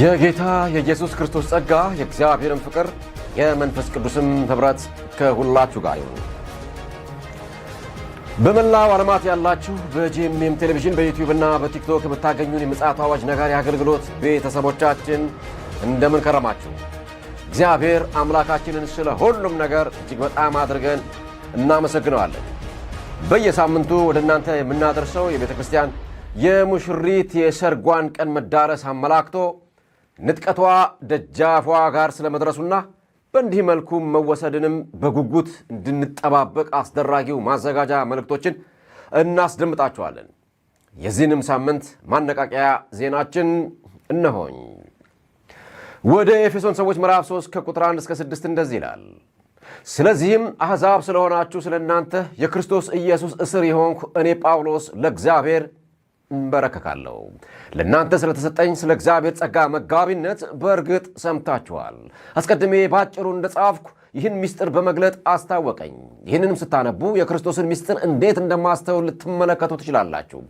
የጌታ የኢየሱስ ክርስቶስ ጸጋ የእግዚአብሔርን ፍቅር የመንፈስ ቅዱስም ኅብረት ከሁላችሁ ጋር ይሁን። በመላው ዓለማት ያላችሁ በጂኤምኤም ቴሌቪዥን በዩቲዩብ እና በቲክቶክ የምታገኙን የምፅዓቱ አዋጅ ነጋሪ አገልግሎት ቤተሰቦቻችን እንደምን ከረማችሁ? እግዚአብሔር አምላካችንን ስለ ሁሉም ነገር እጅግ በጣም አድርገን እናመሰግነዋለን። በየሳምንቱ ወደ እናንተ የምናደርሰው የቤተ ክርስቲያን የሙሽሪት የሰርጓን ቀን መዳረስ አመላክቶ ንጥቀቷ ደጃፏ ጋር ስለመድረሱና በእንዲህ መልኩ መወሰድንም በጉጉት እንድንጠባበቅ አስደራጊው ማዘጋጃ መልእክቶችን እናስደምጣችኋለን። የዚህንም ሳምንት ማነቃቂያ ዜናችን እነሆኝ። ወደ ኤፌሶን ሰዎች ምዕራፍ 3 ከቁጥር 1 እስከ 6 እንደዚህ ይላል። ስለዚህም አሕዛብ ስለሆናችሁ ስለ እናንተ የክርስቶስ ኢየሱስ እስር የሆንኩ እኔ ጳውሎስ ለእግዚአብሔር እንበረከካለሁ። ለእናንተ ስለተሰጠኝ ስለ እግዚአብሔር ጸጋ መጋቢነት በእርግጥ ሰምታችኋል። አስቀድሜ ባጭሩ እንደጻፍኩ ይህን ምስጢር በመግለጥ አስታወቀኝ። ይህንንም ስታነቡ የክርስቶስን ምስጢር እንዴት እንደማስተውል ልትመለከቱ ትችላላችሁ።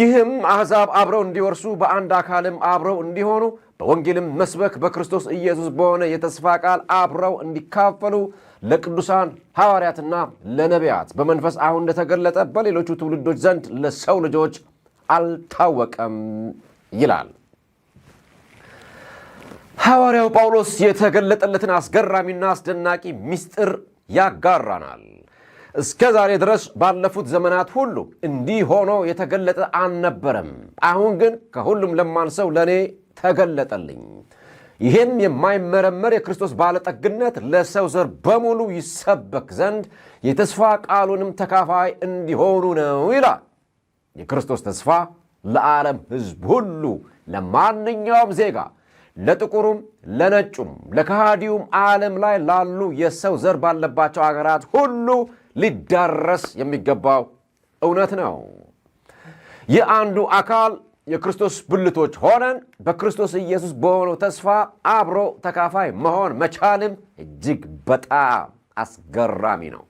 ይህም አሕዛብ አብረው እንዲወርሱ በአንድ አካልም አብረው እንዲሆኑ በወንጌልም መስበክ በክርስቶስ ኢየሱስ በሆነ የተስፋ ቃል አብረው እንዲካፈሉ ለቅዱሳን ሐዋርያትና ለነቢያት በመንፈስ አሁን እንደተገለጠ በሌሎቹ ትውልዶች ዘንድ ለሰው ልጆች አልታወቀም ይላል። ሐዋርያው ጳውሎስ የተገለጠለትን አስገራሚና አስደናቂ ምስጢር ያጋራናል። እስከ ዛሬ ድረስ ባለፉት ዘመናት ሁሉ እንዲህ ሆኖ የተገለጠ አልነበረም። አሁን ግን ከሁሉም ለማንሰው ለእኔ ተገለጠልኝ። ይህም የማይመረመር የክርስቶስ ባለጠግነት ለሰው ዘር በሙሉ ይሰበክ ዘንድ የተስፋ ቃሉንም ተካፋይ እንዲሆኑ ነው ይላል። የክርስቶስ ተስፋ ለዓለም ሕዝብ ሁሉ ለማንኛውም ዜጋ ለጥቁሩም ለነጩም ለከሃዲውም ዓለም ላይ ላሉ የሰው ዘር ባለባቸው አገራት ሁሉ ሊዳረስ የሚገባው እውነት ነው። የአንዱ አካል የክርስቶስ ብልቶች ሆነን በክርስቶስ ኢየሱስ በሆነው ተስፋ አብሮ ተካፋይ መሆን መቻልም እጅግ በጣም አስገራሚ ነው።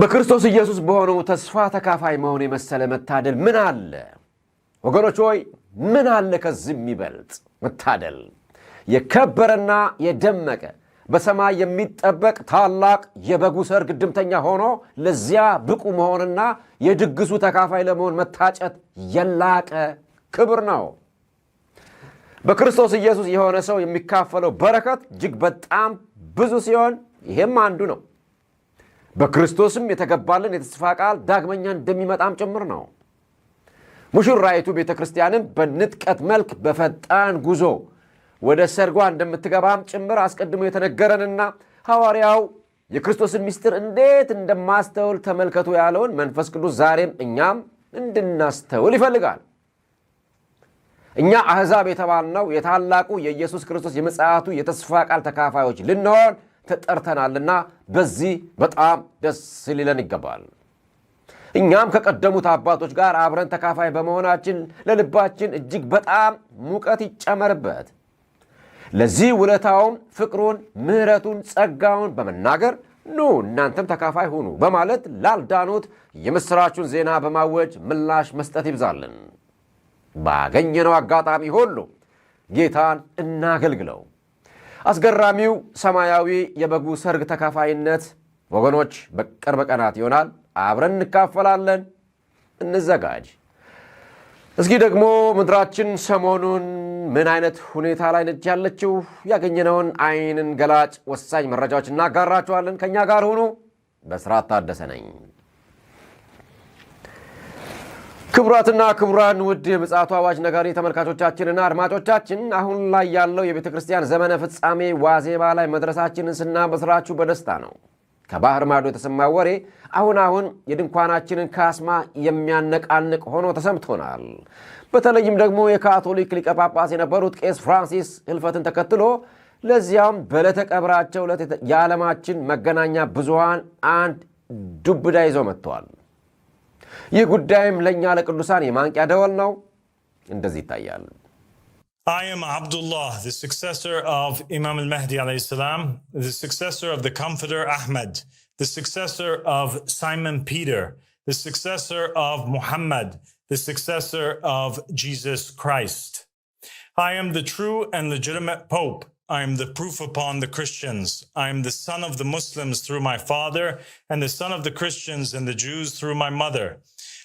በክርስቶስ ኢየሱስ በሆነው ተስፋ ተካፋይ መሆን የመሰለ መታደል ምን አለ? ወገኖች ሆይ ምን አለ ከዚህ የሚበልጥ መታደል? የከበረና የደመቀ በሰማይ የሚጠበቅ ታላቅ የበጉ ሰርግ ድምተኛ ሆኖ ለዚያ ብቁ መሆንና የድግሱ ተካፋይ ለመሆን መታጨት የላቀ ክብር ነው። በክርስቶስ ኢየሱስ የሆነ ሰው የሚካፈለው በረከት እጅግ በጣም ብዙ ሲሆን ይህም አንዱ ነው። በክርስቶስም የተገባልን የተስፋ ቃል ዳግመኛ እንደሚመጣም ጭምር ነው። ሙሽራይቱ ቤተ ክርስቲያንም በንጥቀት መልክ በፈጣን ጉዞ ወደ ሰርጓ እንደምትገባም ጭምር አስቀድሞ የተነገረንና ሐዋርያው የክርስቶስን ምስጢር እንዴት እንደማስተውል ተመልከቱ ያለውን መንፈስ ቅዱስ ዛሬም እኛም እንድናስተውል ይፈልጋል። እኛ አሕዛብ የተባልነው የታላቁ የኢየሱስ ክርስቶስ የምጽአቱ የተስፋ ቃል ተካፋዮች ልንሆን ተጠርተናልና በዚህ በጣም ደስ ሊለን ይገባል። እኛም ከቀደሙት አባቶች ጋር አብረን ተካፋይ በመሆናችን ለልባችን እጅግ በጣም ሙቀት ይጨመርበት። ለዚህ ውለታውም ፍቅሩን፣ ምሕረቱን፣ ጸጋውን በመናገር ኑ እናንተም ተካፋይ ሁኑ በማለት ላልዳኑት የምሥራቹን ዜና በማወጅ ምላሽ መስጠት ይብዛልን። ባገኘነው አጋጣሚ ሁሉ ጌታን እናገልግለው። አስገራሚው ሰማያዊ የበጉ ሰርግ ተካፋይነት ወገኖች በቅርብ ቀናት ይሆናል። አብረን እንካፈላለን። እንዘጋጅ። እስኪ ደግሞ ምድራችን ሰሞኑን ምን አይነት ሁኔታ ላይ ነች ያለችው? ያገኘነውን አይንን ገላጭ ወሳኝ መረጃዎች እናጋራችኋለን። ከእኛ ጋር ሁኑ። በስራት ታደሰ ነኝ። ክቡራትና ክቡራን ውድ የምፅዓቱ አዋጅ ነጋሪ ተመልካቾቻችንና አድማጮቻችን አሁን ላይ ያለው የቤተ ክርስቲያን ዘመነ ፍጻሜ ዋዜማ ላይ መድረሳችንን ስናበስራችሁ በደስታ ነው። ከባህር ማዶ የተሰማ ወሬ አሁን አሁን የድንኳናችንን ካስማ የሚያነቃንቅ ሆኖ ተሰምቶናል። በተለይም ደግሞ የካቶሊክ ሊቀ ጳጳስ የነበሩት ቄስ ፍራንሲስ ህልፈትን ተከትሎ ለዚያም በዕለተ ቀብራቸው ዕለት የዓለማችን መገናኛ ብዙሃን አንድ ዱብዳ ይዘው መጥተዋል። ይህ ጉዳይም ለእኛ ለቅዱሳን የማንቂያ ደወል ነው። እንደዚህ ይታያል። I am Abdullah, the successor of Imam al-Mahdi the successor of the comforter Ahmed, the successor of Simon Peter, the successor of Muhammad, the successor of Jesus Christ. I am the true and legitimate Pope. I am the proof upon the Christians. I am the son of the Muslims through my father, and the son of the Christians and the Jews through my mother.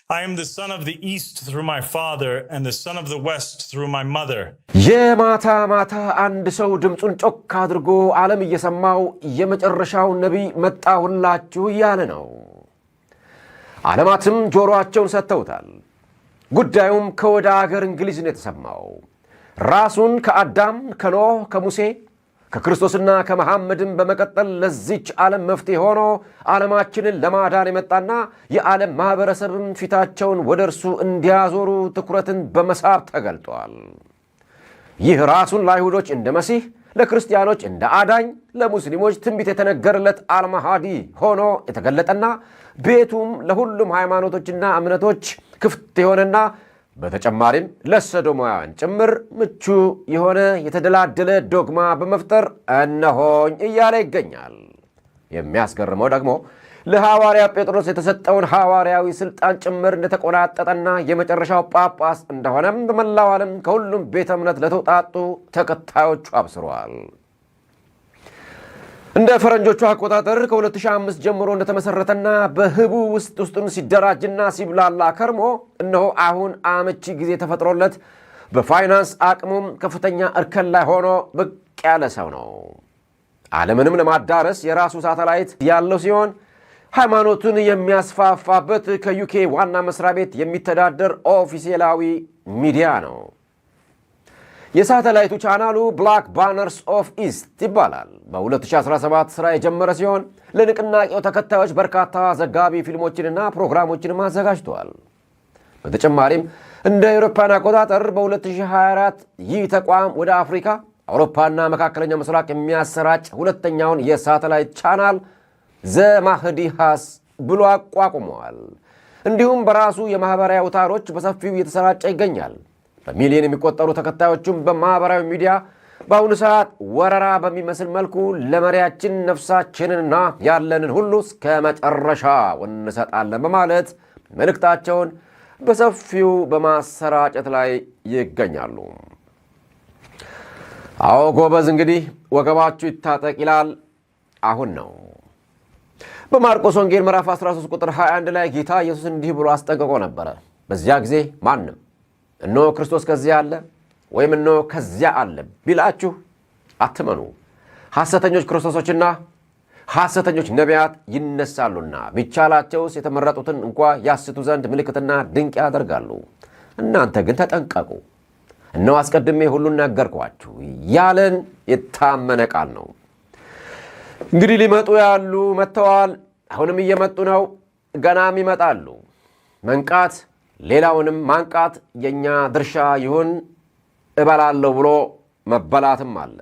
I am the son of the east through my father, and the son of the west through my mother. የማታ ማታ አንድ ሰው ድምፁን ጮክ አድርጎ ዓለም እየሰማው የመጨረሻው ነቢይ መጣ ሁላችሁ እያለ ነው። ዓለማትም ጆሮአቸውን ሰጥተውታል። ጉዳዩም ከወደ አገር እንግሊዝ ነው የተሰማው። ራሱን ከአዳም ከኖህ ከሙሴ ከክርስቶስና ከመሐመድን በመቀጠል ለዚች ዓለም መፍትሄ ሆኖ ዓለማችንን ለማዳን የመጣና የዓለም ማኅበረሰብም ፊታቸውን ወደ እርሱ እንዲያዞሩ ትኩረትን በመሳብ ተገልጧል። ይህ ራሱን ለአይሁዶች እንደ መሲህ፣ ለክርስቲያኖች እንደ አዳኝ፣ ለሙስሊሞች ትንቢት የተነገረለት አልማሃዲ ሆኖ የተገለጠና ቤቱም ለሁሉም ሃይማኖቶችና እምነቶች ክፍት የሆነና በተጨማሪም ለሰዶማውያን ጭምር ምቹ የሆነ የተደላደለ ዶግማ በመፍጠር እነሆኝ እያለ ይገኛል። የሚያስገርመው ደግሞ ለሐዋርያ ጴጥሮስ የተሰጠውን ሐዋርያዊ ሥልጣን ጭምር እንደተቆናጠጠና የመጨረሻው ጳጳስ እንደሆነም በመላው ዓለም ከሁሉም ቤተ እምነት ለተውጣጡ ተከታዮቹ አብስሯል። እንደ ፈረንጆቹ አቆጣጠር ከ2005 ጀምሮ እንደተመሰረተና በህቡ ውስጥ ውስጡን ሲደራጅና ሲብላላ ከርሞ እነሆ አሁን አመቺ ጊዜ ተፈጥሮለት በፋይናንስ አቅሙም ከፍተኛ እርከን ላይ ሆኖ ብቅ ያለ ሰው ነው። ዓለምንም ለማዳረስ የራሱ ሳተላይት ያለው ሲሆን ሃይማኖቱን የሚያስፋፋበት ከዩኬ ዋና መስሪያ ቤት የሚተዳደር ኦፊሴላዊ ሚዲያ ነው። የሳተላይቱ ቻናሉ ብላክ ባነርስ ኦፍ ኢስት ይባላል። በ2017 ሥራ የጀመረ ሲሆን ለንቅናቄው ተከታዮች በርካታ ዘጋቢ ፊልሞችንና ፕሮግራሞችንም አዘጋጅተዋል። በተጨማሪም እንደ አውሮፓውያን አቆጣጠር በ2024 ይህ ተቋም ወደ አፍሪካ፣ አውሮፓና መካከለኛው ምስራቅ የሚያሰራጭ ሁለተኛውን የሳተላይት ቻናል ዘማህዲሃስ ብሎ አቋቁመዋል። እንዲሁም በራሱ የማኅበራዊ አውታሮች በሰፊው እየተሰራጨ ይገኛል። በሚሊዮን የሚቆጠሩ ተከታዮቹም በማኅበራዊ ሚዲያ በአሁኑ ሰዓት ወረራ በሚመስል መልኩ ለመሪያችን ነፍሳችንንና ያለንን ሁሉ እስከ መጨረሻ እንሰጣለን በማለት መልእክታቸውን በሰፊው በማሰራጨት ላይ ይገኛሉ። አዎ ጎበዝ፣ እንግዲህ ወገባችሁ ይታጠቅ ይላል። አሁን ነው። በማርቆስ ወንጌል ምዕራፍ 13 ቁጥር 21 ላይ ጌታ ኢየሱስ እንዲህ ብሎ አስጠንቅቆ ነበረ። በዚያ ጊዜ ማንም እነሆ ክርስቶስ ከዚያ አለ ወይም እነሆ ከዚያ አለ ቢላችሁ አትመኑ። ሐሰተኞች ክርስቶሶችና ሐሰተኞች ነቢያት ይነሳሉና ቢቻላቸውስ የተመረጡትን እንኳ ያስቱ ዘንድ ምልክትና ድንቅ ያደርጋሉ። እናንተ ግን ተጠንቀቁ። እነሆ አስቀድሜ ሁሉን ነገርኳችሁ ያለን የታመነ ቃል ነው። እንግዲህ ሊመጡ ያሉ መጥተዋል። አሁንም እየመጡ ነው፣ ገናም ይመጣሉ። መንቃት ሌላውንም ማንቃት የእኛ ድርሻ ይሁን። እበላለሁ ብሎ መበላትም አለ።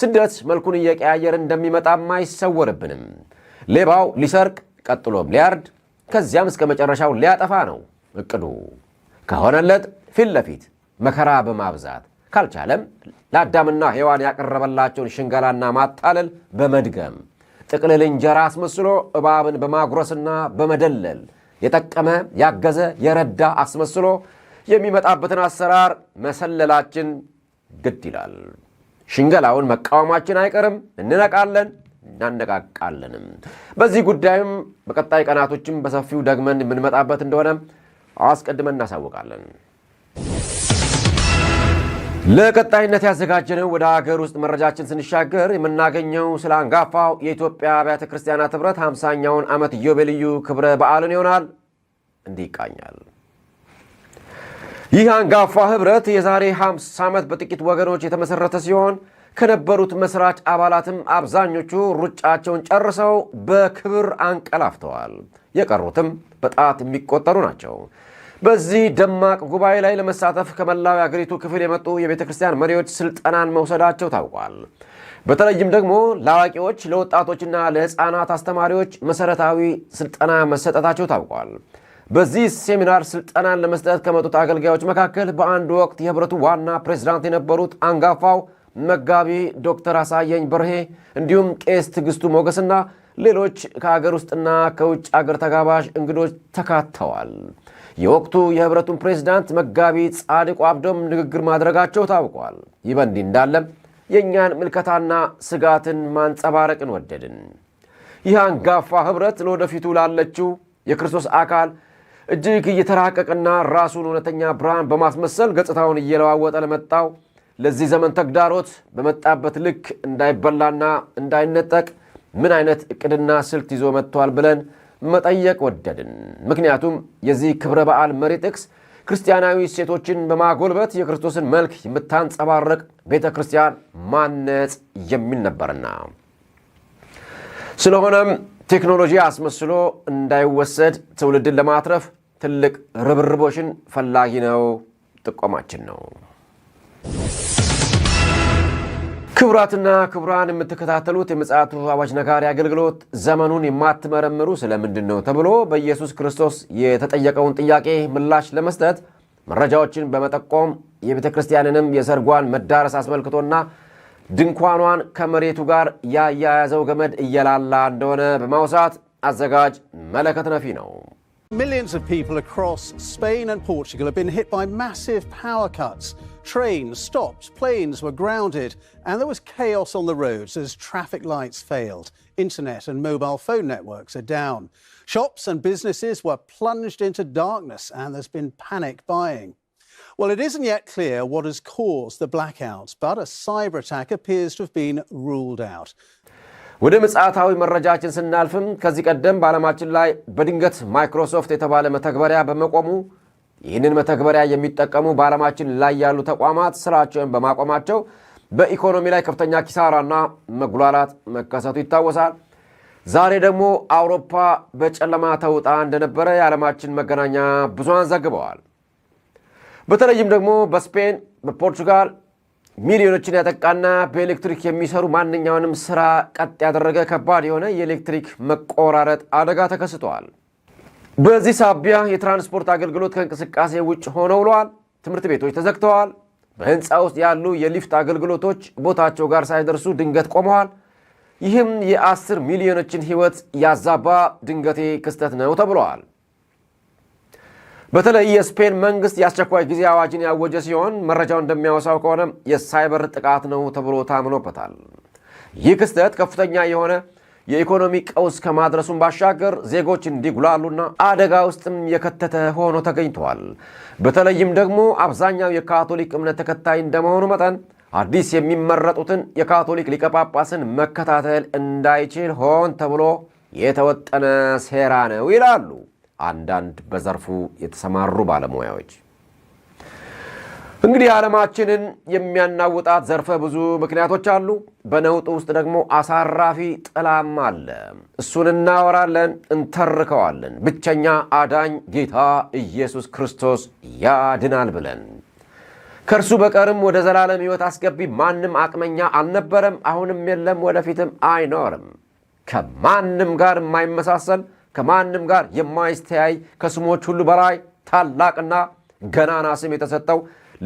ስደት መልኩን እየቀያየር እንደሚመጣም አይሰወርብንም። ሌባው ሊሰርቅ ቀጥሎም ሊያርድ ከዚያም እስከ መጨረሻው ሊያጠፋ ነው እቅዱ። ከሆነለት ፊት ለፊት መከራ በማብዛት ካልቻለም ለአዳምና ሔዋን ያቀረበላቸውን ሽንገላና ማታለል በመድገም ጥቅልል እንጀራ አስመስሎ እባብን በማጉረስና በመደለል የጠቀመ ያገዘ የረዳ አስመስሎ የሚመጣበትን አሰራር መሰለላችን ግድ ይላል። ሽንገላውን መቃወማችን አይቀርም። እንነቃለን፣ እናነቃቃለንም። በዚህ ጉዳይም በቀጣይ ቀናቶችም በሰፊው ደግመን የምንመጣበት እንደሆነ አስቀድመን እናሳውቃለን። ለቀጣይነት ያዘጋጀነው ወደ ሀገር ውስጥ መረጃችን ስንሻገር የምናገኘው ስለ አንጋፋው የኢትዮጵያ አብያተ ክርስቲያናት ኅብረት ሃምሳኛውን ዓመት ኢዮቤልዩ ክብረ በዓልን ይሆናል። እንዲህ ይቃኛል። ይህ አንጋፋ ኅብረት የዛሬ 50 ዓመት በጥቂት ወገኖች የተመሠረተ ሲሆን ከነበሩት መሥራች አባላትም አብዛኞቹ ሩጫቸውን ጨርሰው በክብር አንቀላፍተዋል። የቀሩትም በጣት የሚቆጠሩ ናቸው። በዚህ ደማቅ ጉባኤ ላይ ለመሳተፍ ከመላው የአገሪቱ ክፍል የመጡ የቤተ ክርስቲያን መሪዎች ስልጠናን መውሰዳቸው ታውቋል። በተለይም ደግሞ ለአዋቂዎች፣ ለወጣቶችና ለሕፃናት አስተማሪዎች መሠረታዊ ስልጠና መሰጠታቸው ታውቋል። በዚህ ሴሚናር ስልጠናን ለመስጠት ከመጡት አገልጋዮች መካከል በአንድ ወቅት የህብረቱ ዋና ፕሬዚዳንት የነበሩት አንጋፋው መጋቢ ዶክተር አሳየኝ በርሄ እንዲሁም ቄስ ትግስቱ ሞገስና ሌሎች ከአገር ውስጥና ከውጭ አገር ተጋባዥ እንግዶች ተካተዋል። የወቅቱ የህብረቱን ፕሬዚዳንት መጋቢ ጻድቁ አብዶም ንግግር ማድረጋቸው ታውቋል። ይህ በእንዲህ እንዳለም የእኛን ምልከታና ስጋትን ማንጸባረቅን ወደድን። ይህ አንጋፋ ህብረት ለወደፊቱ ላለችው የክርስቶስ አካል እጅግ እየተራቀቀና ራሱን እውነተኛ ብርሃን በማስመሰል ገጽታውን እየለዋወጠ ለመጣው ለዚህ ዘመን ተግዳሮት በመጣበት ልክ እንዳይበላና እንዳይነጠቅ ምን አይነት እቅድና ስልት ይዞ መጥቷል ብለን መጠየቅ ወደድን። ምክንያቱም የዚህ ክብረ በዓል መሪ ጥቅስ ክርስቲያናዊ እሴቶችን በማጎልበት የክርስቶስን መልክ የምታንጸባረቅ ቤተ ክርስቲያን ማነጽ የሚል ነበርና። ስለሆነም ቴክኖሎጂ አስመስሎ እንዳይወሰድ ትውልድን ለማትረፍ ትልቅ ርብርቦሽን ፈላጊ ነው። ጥቆማችን ነው። ክቡራትና ክቡራን የምትከታተሉት የምፅዓቱ አዋጅ ነጋሪ አገልግሎት ዘመኑን የማትመረምሩ ስለምንድን ነው ተብሎ በኢየሱስ ክርስቶስ የተጠየቀውን ጥያቄ ምላሽ ለመስጠት መረጃዎችን በመጠቆም የቤተ ክርስቲያንንም የሰርጓን መዳረስ አስመልክቶና ድንኳኗን ከመሬቱ ጋር ያያያዘው ገመድ እየላላ እንደሆነ በማውሳት አዘጋጅ መለከት ነፊ ነው። ሚሊዮንስ ፒፕል አክሮስ ስፔን አንድ ፖርቹጋል ቢን ሂት ባይ ማሲቭ ፓወር ካትስ Trains stopped, planes were grounded, and there was chaos on the roads as traffic lights failed. Internet and mobile phone networks are down. Shops and businesses were plunged into darkness, and there's been panic buying. Well, it isn't yet clear what has caused the blackouts, but a cyber attack appears to have been ruled out. ወደ ምጽአታዊ መረጃችን ስናልፍም ከዚህ ቀደም በዓለማችን ላይ በድንገት ማይክሮሶፍት የተባለ መተግበሪያ በመቆሙ ይህንን መተግበሪያ የሚጠቀሙ በዓለማችን ላይ ያሉ ተቋማት ስራቸውን በማቆማቸው በኢኮኖሚ ላይ ከፍተኛ ኪሳራና መጉላላት መከሰቱ ይታወሳል። ዛሬ ደግሞ አውሮፓ በጨለማ ተውጣ እንደነበረ የዓለማችን መገናኛ ብዙሃን ዘግበዋል። በተለይም ደግሞ በስፔን፣ በፖርቱጋል ሚሊዮኖችን ያጠቃና በኤሌክትሪክ የሚሰሩ ማንኛውንም ስራ ቀጥ ያደረገ ከባድ የሆነ የኤሌክትሪክ መቆራረጥ አደጋ ተከስቷል። በዚህ ሳቢያ የትራንስፖርት አገልግሎት ከእንቅስቃሴ ውጭ ሆነ ውለዋል። ትምህርት ቤቶች ተዘግተዋል። በህንፃ ውስጥ ያሉ የሊፍት አገልግሎቶች ቦታቸው ጋር ሳይደርሱ ድንገት ቆመዋል። ይህም የአስር ሚሊዮኖችን ህይወት ያዛባ ድንገቴ ክስተት ነው ተብለዋል። በተለይ የስፔን መንግስት የአስቸኳይ ጊዜ አዋጅን ያወጀ ሲሆን መረጃው እንደሚያወሳው ከሆነ የሳይበር ጥቃት ነው ተብሎ ታምኖበታል። ይህ ክስተት ከፍተኛ የሆነ የኢኮኖሚ ቀውስ ከማድረሱን ባሻገር ዜጎች እንዲጉላሉና አደጋ ውስጥም የከተተ ሆኖ ተገኝተዋል። በተለይም ደግሞ አብዛኛው የካቶሊክ እምነት ተከታይ እንደመሆኑ መጠን አዲስ የሚመረጡትን የካቶሊክ ሊቀ ጳጳስን መከታተል እንዳይችል ሆን ተብሎ የተወጠነ ሴራ ነው ይላሉ አንዳንድ በዘርፉ የተሰማሩ ባለሙያዎች። እንግዲህ ዓለማችንን የሚያናውጣት ዘርፈ ብዙ ምክንያቶች አሉ። በነውጥ ውስጥ ደግሞ አሳራፊ ጥላም አለ። እሱን እናወራለን፣ እንተርከዋለን። ብቸኛ አዳኝ ጌታ ኢየሱስ ክርስቶስ ያድናል ብለን ከእርሱ በቀርም ወደ ዘላለም ሕይወት አስገቢ ማንም አቅመኛ አልነበረም፣ አሁንም የለም፣ ወደፊትም አይኖርም። ከማንም ጋር የማይመሳሰል ከማንም ጋር የማይስተያይ ከስሞች ሁሉ በላይ ታላቅና ገናና ስም የተሰጠው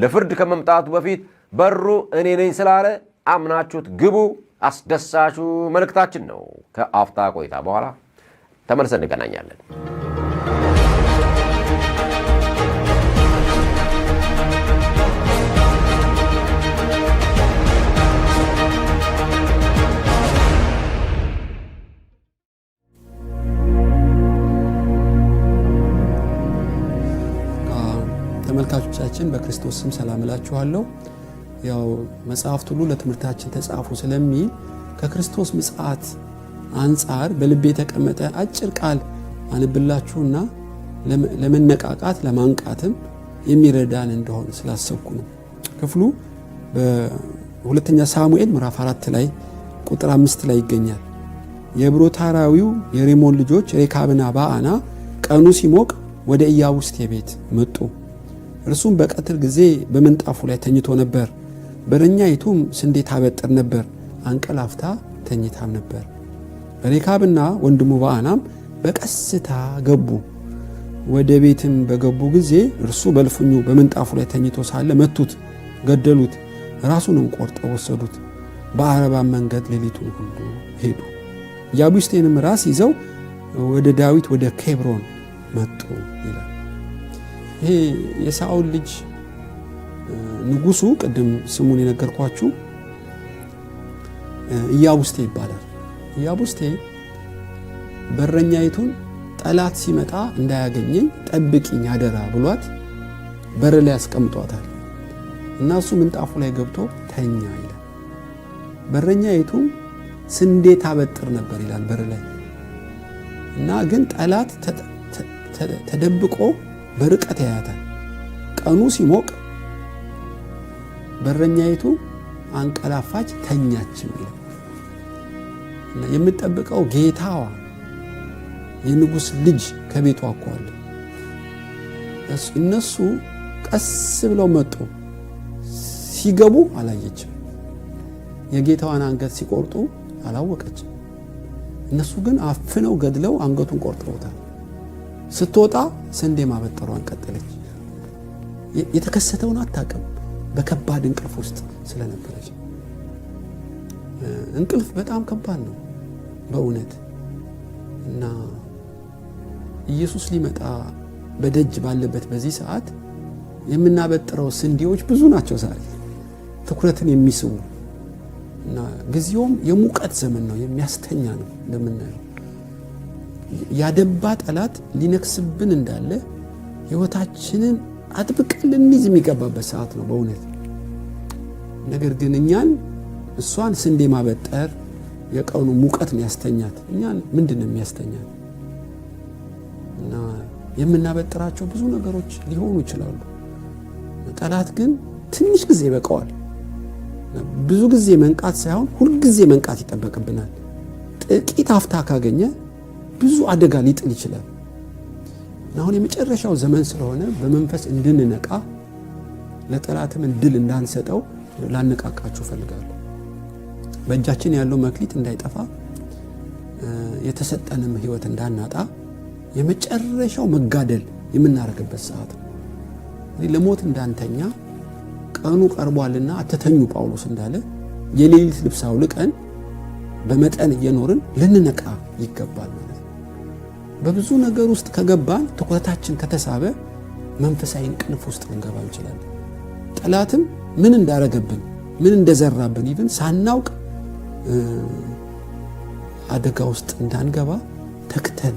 ለፍርድ ከመምጣቱ በፊት በሩ እኔ ነኝ ስላለ አምናችሁት ግቡ። አስደሳቹ መልእክታችን ነው። ከአፍታ ቆይታ በኋላ ተመልሰን እንገናኛለን። ተመልካቾቻችን በክርስቶስ ስም ሰላም እላችኋለሁ። ያው መጽሐፍት ሁሉ ለትምህርታችን ተጻፉ ስለሚል ከክርስቶስ ምጽአት አንጻር በልቤ የተቀመጠ አጭር ቃል አንብላችሁና ለመነቃቃት ለማንቃትም የሚረዳን እንደሆን ስላሰብኩ ነው። ክፍሉ በሁለተኛ ሳሙኤል ምዕራፍ አራት ላይ ቁጥር አምስት ላይ ይገኛል። የብሮታራዊው የሬሞን ልጆች ሬካብና ባአና ቀኑ ሲሞቅ ወደ ኢያቡስቴ ቤት መጡ። እርሱም በቀትር ጊዜ በምንጣፉ ላይ ተኝቶ ነበር። በረኛይቱም ስንዴ ታበጥር ነበር፣ አንቀላፍታ ተኝታም ነበር። ሬካብና ወንድሙ በአናም በቀስታ ገቡ። ወደ ቤትም በገቡ ጊዜ እርሱ በልፍኙ በምንጣፉ ላይ ተኝቶ ሳለ መቱት፣ ገደሉት። ራሱንም ቆርጠው ወሰዱት። በአረባ መንገድ ሌሊቱን ሁሉ ሄዱ። ያቡስቴንም ራስ ይዘው ወደ ዳዊት ወደ ኬብሮን መጡ ይላል። ይሄ የሳኦል ልጅ ንጉሱ ቅድም ስሙን የነገርኳችሁ ኢያቡስቴ ይባላል። ኢያቡስቴ በረኛይቱን ጠላት ሲመጣ እንዳያገኘኝ ጠብቂኝ አደራ ብሏት በር ላይ አስቀምጧታል። እና እሱ ምንጣፉ ላይ ገብቶ ተኛ ይላል። በረኛይቱ ስንዴ ታበጥር ነበር ይላል በር ላይ እና ግን ጠላት ተደብቆ በርቀት ያያታል። ቀኑ ሲሞቅ በረኛይቱ አንቀላፋች ተኛች የሚለው የምጠብቀው ጌታዋ የንጉሥ ልጅ ከቤቱ አኳለ እነሱ ቀስ ብለው መጡ። ሲገቡ አላየችም። የጌታዋን አንገት ሲቆርጡ አላወቀችም። እነሱ ግን አፍነው ገድለው አንገቱን ቆርጠውታል። ስትወጣ ስንዴ ማበጠሯን ቀጠለች። የተከሰተውን አታቅም በከባድ እንቅልፍ ውስጥ ስለነበረች እንቅልፍ በጣም ከባድ ነው በእውነት እና ኢየሱስ ሊመጣ በደጅ ባለበት በዚህ ሰዓት የምናበጥረው ስንዴዎች ብዙ ናቸው። ዛሬ ትኩረትን የሚስቡ እና ጊዜውም የሙቀት ዘመን ነው፣ የሚያስተኛ ነው እንደምናየው ያደባ ጠላት ሊነክስብን እንዳለ ህይወታችንን አጥብቀን ልንይዝ የሚገባበት ሰዓት ነው በእውነት። ነገር ግን እኛን እሷን ስንዴ ማበጠር የቀኑ ሙቀት ነው ያስተኛት። እኛን ምንድን የሚያስተኛት? እና የምናበጥራቸው ብዙ ነገሮች ሊሆኑ ይችላሉ። ጠላት ግን ትንሽ ጊዜ ይበቀዋል። ብዙ ጊዜ መንቃት ሳይሆን ሁልጊዜ መንቃት ይጠበቅብናል። ጥቂት አፍታ ካገኘ ብዙ አደጋ ሊጥል ይችላል። አሁን የመጨረሻው ዘመን ስለሆነ በመንፈስ እንድንነቃ ለጠላትም እድል እንዳንሰጠው ላነቃቃችሁ እፈልጋለሁ። በእጃችን ያለው መክሊት እንዳይጠፋ የተሰጠንም ህይወት እንዳናጣ የመጨረሻው መጋደል የምናደርግበት ሰዓት ነው። ለሞት እንዳንተኛ ቀኑ ቀርቧልና አተተኙ ጳውሎስ እንዳለ የሌሊት ልብስ አውልቀን በመጠን እየኖርን ልንነቃ ይገባል። በብዙ ነገር ውስጥ ከገባን ትኩረታችን ከተሳበ መንፈሳዊ እንቅልፍ ውስጥ ልንገባ እንችላለን። ጠላትም ምን እንዳረገብን ምን እንደዘራብን ይብን ሳናውቅ አደጋ ውስጥ እንዳንገባ ተክተን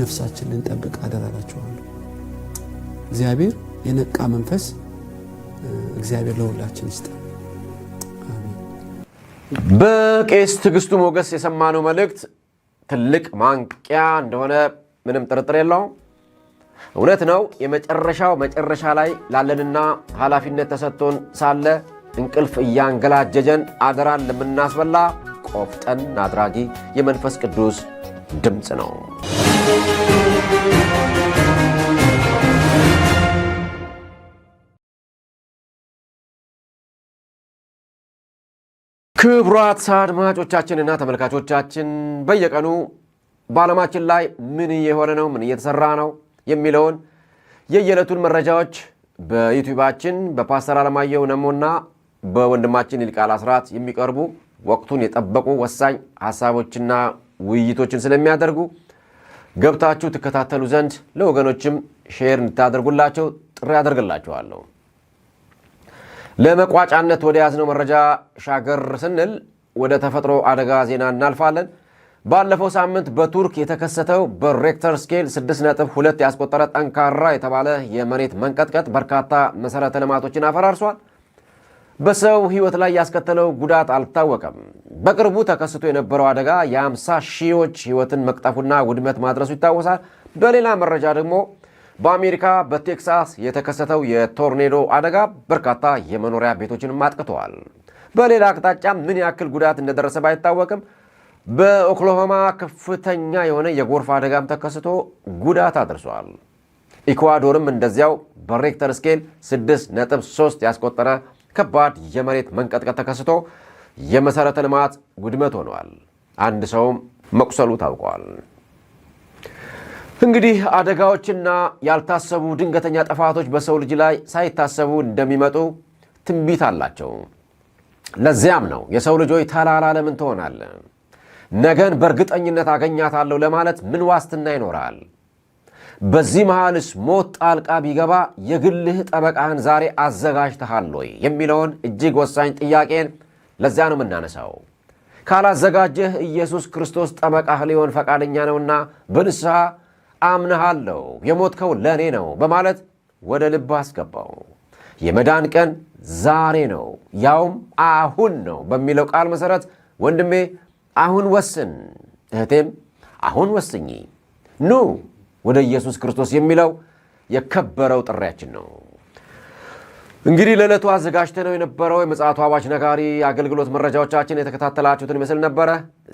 ነፍሳችን ልንጠብቅ አደራላችኋለሁ። እግዚአብሔር የነቃ መንፈስ እግዚአብሔር ለሁላችን ይስጠን። በቄስ ትግስቱ ሞገስ የሰማነው መልእክት ትልቅ ማንቂያ እንደሆነ ምንም ጥርጥር የለውም። እውነት ነው። የመጨረሻው መጨረሻ ላይ ላለንና ኃላፊነት ተሰጥቶን ሳለ እንቅልፍ እያንገላጀጀን አደራን ለምናስበላ ቆፍጠን አድራጊ የመንፈስ ቅዱስ ድምፅ ነው። ክቡራት አድማጮቻችንና ተመልካቾቻችን በየቀኑ በዓለማችን ላይ ምን እየሆነ ነው፣ ምን እየተሰራ ነው የሚለውን የየዕለቱን መረጃዎች በዩቲዩባችን በፓስተር አለማየሁ ነሞና በወንድማችን ይልቃል አስራት የሚቀርቡ ወቅቱን የጠበቁ ወሳኝ ሀሳቦችና ውይይቶችን ስለሚያደርጉ ገብታችሁ ትከታተሉ ዘንድ ለወገኖችም ሼር እንድታደርጉላቸው ጥሪ አደርግላችኋለሁ። ለመቋጫነት ወደ ያዝነው መረጃ ሻገር ስንል ወደ ተፈጥሮ አደጋ ዜና እናልፋለን። ባለፈው ሳምንት በቱርክ የተከሰተው በሬክተር ስኬል 6.2 ያስቆጠረ ጠንካራ የተባለ የመሬት መንቀጥቀጥ በርካታ መሠረተ ልማቶችን አፈራርሷል። በሰው ሕይወት ላይ ያስከተለው ጉዳት አልታወቀም። በቅርቡ ተከስቶ የነበረው አደጋ የ50 ሺዎች ሕይወትን መቅጠፉና ውድመት ማድረሱ ይታወሳል። በሌላ መረጃ ደግሞ በአሜሪካ በቴክሳስ የተከሰተው የቶርኔዶ አደጋ በርካታ የመኖሪያ ቤቶችን አጥቅተዋል። በሌላ አቅጣጫ ምን ያክል ጉዳት እንደደረሰ ባይታወቅም በኦክሎሆማ ከፍተኛ የሆነ የጎርፍ አደጋም ተከስቶ ጉዳት አድርሷል። ኢኳዶርም እንደዚያው በሬክተር ስኬል 6.3 ያስቆጠረ ከባድ የመሬት መንቀጥቀጥ ተከስቶ የመሠረተ ልማት ውድመት ሆኗል። አንድ ሰውም መቁሰሉ ታውቋል። እንግዲህ አደጋዎችና ያልታሰቡ ድንገተኛ ጥፋቶች በሰው ልጅ ላይ ሳይታሰቡ እንደሚመጡ ትንቢት አላቸው። ለዚያም ነው የሰው ልጆች ተላላለምን ትሆናለን ነገን በእርግጠኝነት አገኛታለሁ ለማለት ምን ዋስትና ይኖራል? በዚህ መሃልስ ሞት ጣልቃ ቢገባ የግልህ ጠበቃህን ዛሬ አዘጋጅተሃል ወይ የሚለውን እጅግ ወሳኝ ጥያቄን ለዚያ ነው የምናነሳው። ካላዘጋጀህ ኢየሱስ ክርስቶስ ጠበቃህ ሊሆን ፈቃደኛ ነውና በንስሐ አምነሃለሁ፣ የሞትከው ለእኔ ነው በማለት ወደ ልብ አስገባው። የመዳን ቀን ዛሬ ነው፣ ያውም አሁን ነው በሚለው ቃል መሠረት ወንድሜ አሁን ወስን፣ እህቴም አሁን ወስኝ፣ ኑ ወደ ኢየሱስ ክርስቶስ የሚለው የከበረው ጥሪያችን ነው። እንግዲህ ለዕለቱ አዘጋጅተነው የነበረው የምፅዓቱ አዋጅ ነጋሪ አገልግሎት መረጃዎቻችን የተከታተላችሁትን ይመስል ነበረ።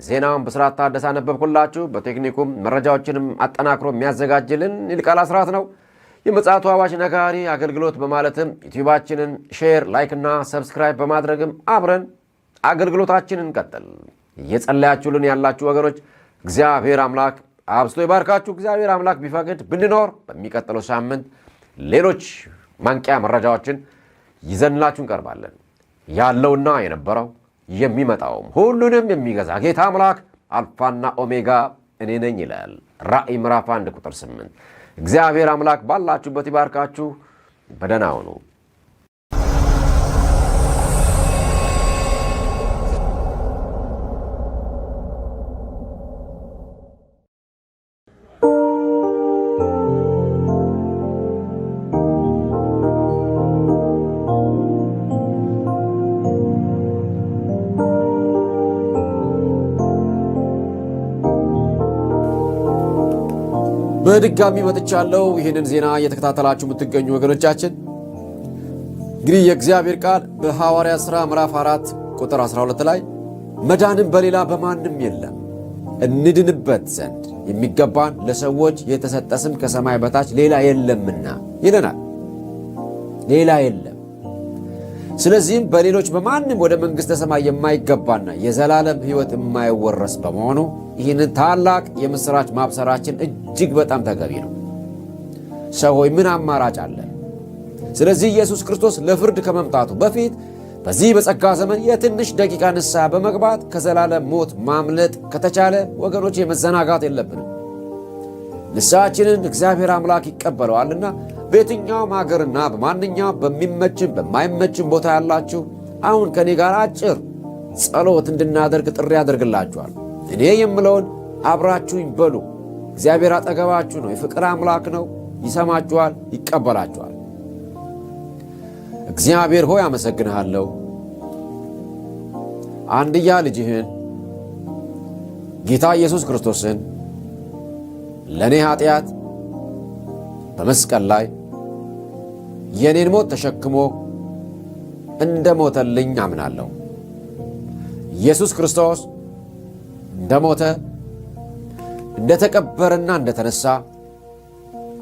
ዜናውን በስርዓት ታደሰ አነበብኩላችሁ። በቴክኒኩም መረጃዎችንም አጠናክሮ የሚያዘጋጅልን ይልቃል አስራት ነው። የምፅዓቱ አዋጅ ነጋሪ አገልግሎት በማለትም ዩቲዩባችንን ሼር፣ ላይክ ሰብስክራይብ በማድረግም አብረን አገልግሎታችንን እንቀጥል። እየጸለያችሁልን ያላችሁ ወገኖች እግዚአብሔር አምላክ አብስቶ ይባርካችሁ። እግዚአብሔር አምላክ ቢፈቅድ ብንኖር በሚቀጥለው ሳምንት ሌሎች ማንቂያ መረጃዎችን ይዘንላችሁ እንቀርባለን። ያለውና የነበረው የሚመጣውም ሁሉንም የሚገዛ ጌታ አምላክ አልፋና ኦሜጋ እኔ ነኝ ይላል ራእይ ምዕራፍ 1 ቁጥር 8። እግዚአብሔር አምላክ ባላችሁበት ይባርካችሁ። በደህና ሁኑ። በድጋሚ መጥቻለሁ። ይህንን ዜና እየተከታተላችሁ የምትገኙ ወገኖቻችን እንግዲህ የእግዚአብሔር ቃል በሐዋርያ ሥራ ምዕራፍ 4 ቁጥር 12 ላይ መዳንም በሌላ በማንም የለም፣ እንድንበት ዘንድ የሚገባን ለሰዎች የተሰጠ ስም ከሰማይ በታች ሌላ የለምና ይለናል። ሌላ የለም። ስለዚህም በሌሎች በማንም ወደ መንግሥተ ሰማይ የማይገባና የዘላለም ሕይወት የማይወረስ በመሆኑ ይህንን ታላቅ የምሥራች ማብሰራችን እጅግ በጣም ተገቢ ነው። ሰው ሆይ ምን አማራጭ አለ? ስለዚህ ኢየሱስ ክርስቶስ ለፍርድ ከመምጣቱ በፊት በዚህ በጸጋ ዘመን የትንሽ ደቂቃ ንስሐ በመግባት ከዘላለም ሞት ማምለጥ ከተቻለ ወገኖች መዘናጋት የለብንም። ንስሐችንን እግዚአብሔር አምላክ ይቀበለዋልና በየትኛውም ሀገርና በማንኛውም በሚመችም በማይመችም ቦታ ያላችሁ አሁን ከእኔ ጋር አጭር ጸሎት እንድናደርግ ጥሪ ያደርግላችኋል። እኔ የምለውን አብራችሁ ይበሉ። እግዚአብሔር አጠገባችሁ ነው። የፍቅር አምላክ ነው። ይሰማችኋል፣ ይቀበላችኋል። እግዚአብሔር ሆይ አመሰግንሃለሁ። አንድያ ልጅህን ጌታ ኢየሱስ ክርስቶስን ለእኔ ኃጢአት በመስቀል ላይ የኔን ሞት ተሸክሞ እንደ ሞተልኝ አምናለሁ። ኢየሱስ ክርስቶስ እንደ ሞተ እንደ ተቀበረና እንደ ተነሣ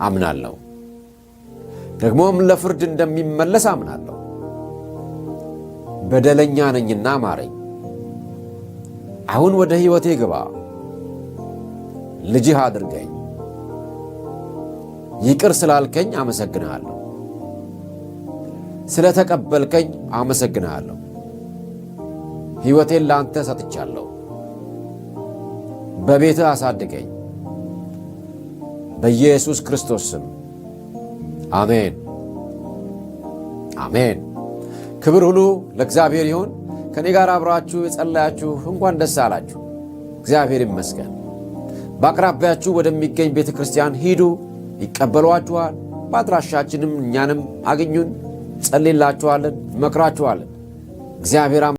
አምናለሁ። ደግሞም ለፍርድ እንደሚመለስ አምናለሁ። በደለኛ ነኝና ማረኝ። አሁን ወደ ሕይወቴ ግባ፣ ልጅህ አድርገኝ። ይቅር ስላልከኝ አመሰግንሃለሁ፣ ስለ ተቀበልከኝ አመሰግንሃለሁ፣ ሕይወቴን ለአንተ ሰጥቻለሁ፣ በቤትህ አሳድገኝ። በኢየሱስ ክርስቶስ ስም አሜን፣ አሜን። ክብር ሁሉ ለእግዚአብሔር ይሁን። ከእኔ ጋር አብራችሁ የጸለያችሁ እንኳን ደስ አላችሁ። እግዚአብሔር ይመስገን። በአቅራቢያችሁ ወደሚገኝ ቤተ ክርስቲያን ሂዱ። ይቀበሏችኋል። በአድራሻችንም እኛንም አግኙን። ጸልላችኋለን፣ መክራችኋለን። እግዚአብሔር